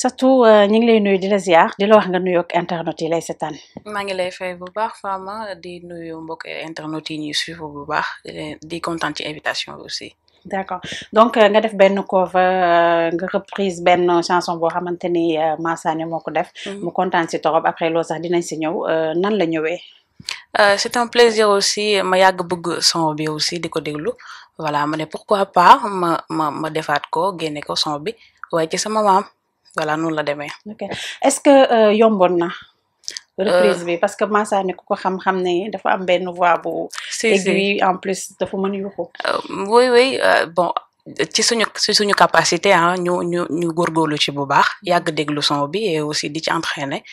surtout euh, ñu ngi lay nuyu di la ziar di la wax nga nuyoog internet yi lay setaan. maa ngi lay fay bu baax Fama di nuyu mbokk internet yi ñuy suivre bu baax di content ci invitation aussi. d' accord donc euh, nga def benn cover euh, nga reprise benn chanson boo xamante ni Massane moo ko def. Mhm. mu content si trop. après loolu sax dinañ si ñëw nan la ñëwee. Euh, c'est un plaisir aussi ma yàgg bëgg son bi aussi di ko déglu voilà ma ne pourquoi pas ma ma ma defaat ko génne ko son bi waaye ci sama maam voilà noonu la demee. ok est-ce que euh, yomboon na. Euh, reprise bi parce que Massane ku ko xam-xam ne dafa am ben voix bu. si aiguë en plus dafa mën yuuxu. Euh, oui oui bon ci suñu ci suñu capacité hein ñu ñu ñu góorgóorlu ci bu baax yag déglu son bi et aussi di ci entraîner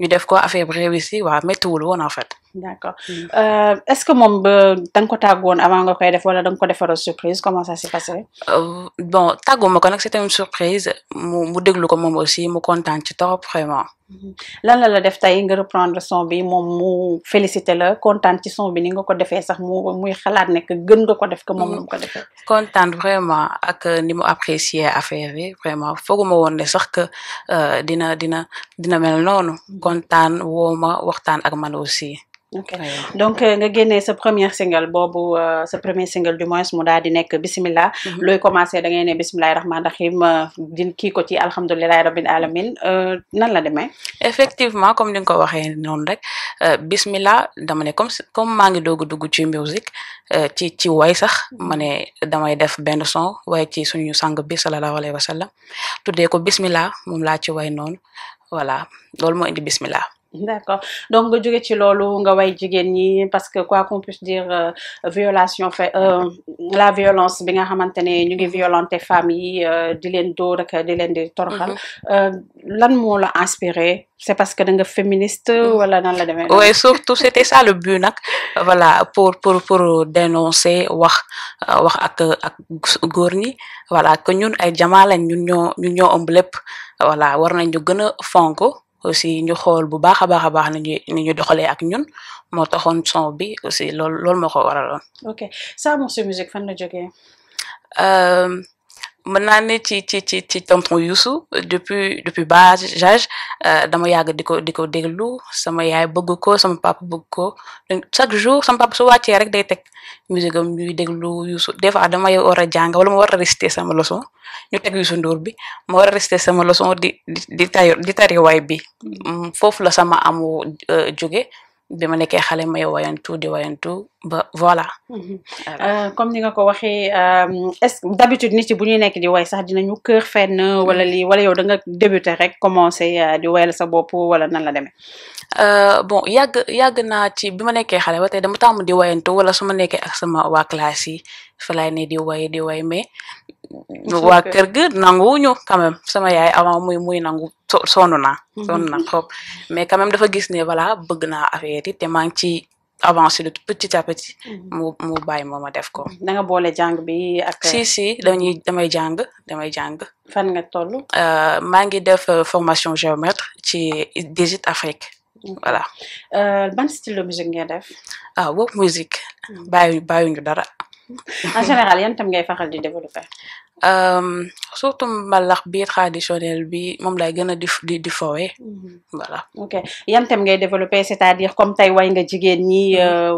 ñu def ko affaire bi réussi waa méttiwul won en fait d' mm. Euh, est ce que moom da nga ko tàggoon avant nga koy def wala da nga ko defaro surprise comment ça s'est est passé. Euh, bon tàggoo ma ko c'était une surprise mu mu déglu ko moom aussi mu content ci trop vraiment. Mm-hmm. lan la la def tey nga reprendre son bi moom mu féliciter la content ci son bi ni nga ko defee sax mu muy xalaat ne que gën nga ko def que moom la ko defee. Content mm-hmm. vraiment ak euh, ni mu apprécier affaire yi vraiment fooguma woon ne sax que euh, dina dina dina mel noonu. content mm-hmm. woo ma waxtaan ak man aussi donc euh, nga génnee sa première single Bobu, euh, sa premier single du moins mu daal di nekk bismillah mhm. loy commencé da ngay né bismillahir rahmanir rahim di kii ko ci alhamdulilah rabbil alamin euh, nan la démé effectivement comme ni nga ko waxé non rek bismillah dama né comme comme maa ngi dogu dugg ci musique ci ci way sax mané damay def ben son way ci suñu sang bi sallallahu alayhi wa sallam tuddee ko bismillah mom la ci way non voilà loolu mo indi bismillah d'accord donc nga jóge ci loolu nga way jigéen ñi parce que quoi qu'on puisse dire euh, violation fait euh, la violence bi nga xamante ne ñu ngi violenter femmes yi euh, di leen dóor ak di leen di toroxal mm-hmm. lan la inspiré c'est parce que da nga féministe voilà, mm-hmm. nan la demee oui surtout c'était ça le but nak. voilà pour pour pour dénoncer wax wax ak ak góor voilà que ñun ay jamaa lañ ñun ñoo ñun ñoo voilà war nañ ñu gën a aussi ñu xool bu baax a baax a baax ni ñu ni ñu doxalee ak ñun moo taxoon son bi aussi loolu loolu moo ko waraloon. ok sa morceau musique fan la jógee. Euh, mën naa ne ci ci ci ci tonton Youssou depuis depuis bas âge euh, dama yàgg di ko di ko déglu sama yaay bëgg ko sama papa bëgg ko chaque jour sama papa su wàccee rek day teg musique am ñuy déglu Youssou des fois dama war a jàng wala ma war a réciter sama leçon ñu teg Youssou Ndour bi ma war a réciter sama leçon di di di di tari waay bi mm, foofu la sama am euh, jóge bi ma nekkee xale may wayantu di wayantu ba voilà. Mhm. Euh, comme ni nga ko waxee euh, est-ce que d'habitude nit yi bu ñuy nekk di way sax dinañu kër fenn wala mhm. lii wala yow da nga débuté rek commencé euh, di wayal sa bopp wala nan la demee. bon yàgg yàgg naa ci bi ma nekkee xale ba tey dama tàmm di wayantu wala su ma nekkee ak sama waa classe yi fa ne di way di way mais waa kër gi nanguwuñu quand sama yaay avant muy muy nangu so sonn naa mm-hmm. sonn mais quand même dafa gis ne voilà bëgg naa affaire yi te maa ngi ci avancé lu petit à petit mm-hmm. mu mu bàyyi ma ma def ko mm-hmm. da boole jàng bi ak si si dañuy damay jàng damay jàng fan nga euh, maa ngi def euh, formation géomètre ci Digit Afrique voilà euh, ban style de musique ngay def ah musique bàyyi bàyyi ñu dara en général yan tam ngay faxal di développer um, surtout mbalax bi traditionnel bi mom lay gëna di di, di fowé voilà ok yan tam ngay développer c'est-à-dire comme tay way nga jigen ñi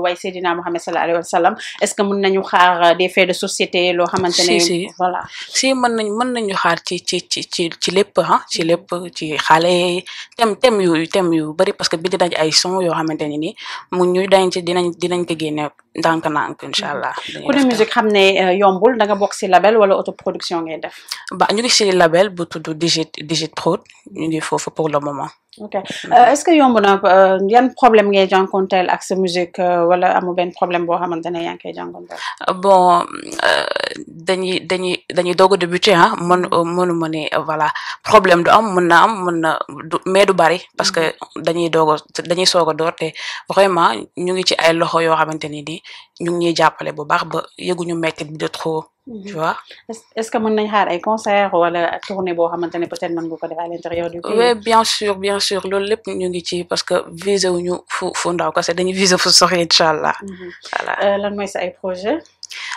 way sayidina mohammed sallallahu alayhi wasallam est-ce que mën nañu xaar des faits de société lo xamantene voilà si mën nañ mën nañu xaar ci ci ci ci lepp ha ci lepp ci xalé tem tem yu tem yu bari parce que bi dañ ay son yo xamantene ni mu ñuy dañ ci dinañ dinañ ko génné dank nank inshallah mbiru musique xam ne euh, yombul da nga bokk si label wala autoproduction ngay def. ba ñu ngi si label bu tudd digit digit prod ñu foofu pour le moment. ok euh, est-ce que yomb na euh, yan problème ngay jànkuwanteel ak sa musique wala amu benn problème boo xamante ne yaa ngi koy jànkuwanteel. bon. dañuy dañuy dañuy doog a débuter hein ah, mon mon mon voilà problème du am mën na am mais bari parce que mm-hmm. dañuy doog dañuy vraiment ñu ngi ci ay loxo yo xamante di ñu ngi jappalé bu baax ba de trop mm-hmm. tu vois est-ce que mën nañ xaar ay concert wala tournée bo peut-être mën ko à l'intérieur du pays oui bien sûr bien sûr loolu ñu ngi ci parce que visé wuñu fu fu ndaw c'est dañuy visé fu soxé inshallah mm-hmm. voilà voilà euh, lan moy sa ay projet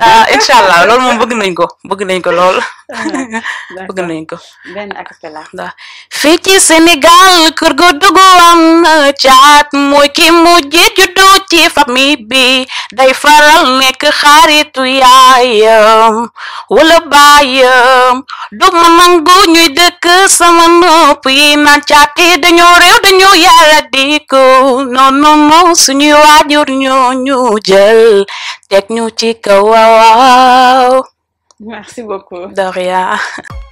ah incha loolu moom bëgg nañ ko bëgg nañ ko lool bëgg nañ ko. benn acapella waaw. kër gu dugg am na caat mooy ki mujj juddu ci famille bi day faral nekk xaritu yaayam wala baayam du ma nangu ñuy dëkk sama nopp yi naan caat yi dañoo réew dañoo yàlla di ko non non non suñuy waajur ñoo ñu jël teg ñu ci Merci beaucoup. Doria